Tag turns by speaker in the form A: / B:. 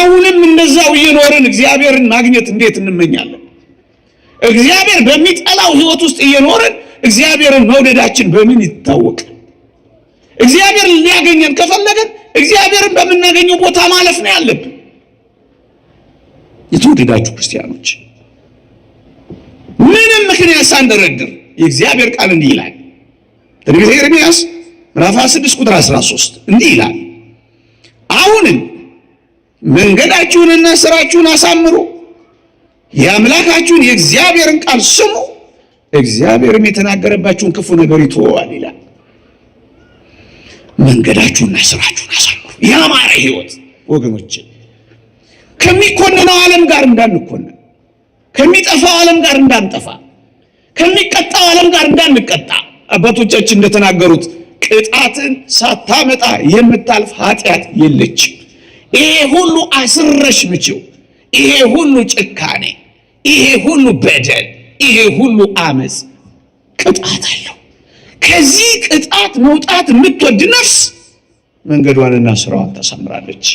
A: አሁንም እንደዛው እየኖርን እግዚአብሔርን ማግኘት እንዴት እንመኛለን? እግዚአብሔር በሚጠላው ህይወት ውስጥ እየኖርን እግዚአብሔርን መውደዳችን በምን ይታወቅ? እግዚአብሔር ሊያገኘን ከፈለገን እግዚአብሔርን በምናገኘው ቦታ ማለፍ ነው ያለብን። የተወደዳችሁ ክርስቲያኖች ምንም ምክንያት ሳንደረድር የእግዚአብሔር ቃል እንዲህ ይላል። ትንቢተ ኤርምያስ ምዕራፍ 6 ቁጥር 13 እንዲህ ይላል አሁንም መንገዳችሁንና ስራችሁን አሳምሩ። የአምላካችሁን የእግዚአብሔርን ቃል ስሙ፣ እግዚአብሔርም የተናገረባችሁን ክፉ ነገር ይተወዋል ይላል። መንገዳችሁና ስራችሁን አሳምሩ። የአማራ ህይወት ወገኖች፣ ከሚኮንነው ዓለም ጋር እንዳንኮንን፣ ከሚጠፋው ዓለም ጋር እንዳንጠፋ፣ ከሚቀጣው ዓለም ጋር እንዳንቀጣ አባቶቻችን እንደተናገሩት ቅጣትን ሳታመጣ የምታልፍ ኃጢአት የለችም። ይሄ ሁሉ አስረሽ ብችው፣ ይሄ ሁሉ ጭካኔ፣ ይሄ ሁሉ በደል፣ ይሄ ሁሉ አመፅ ቅጣት አለው። ከዚህ ቅጣት መውጣት የምትወድ ነፍስ መንገዷንና ስራዋን ተሰምራለች።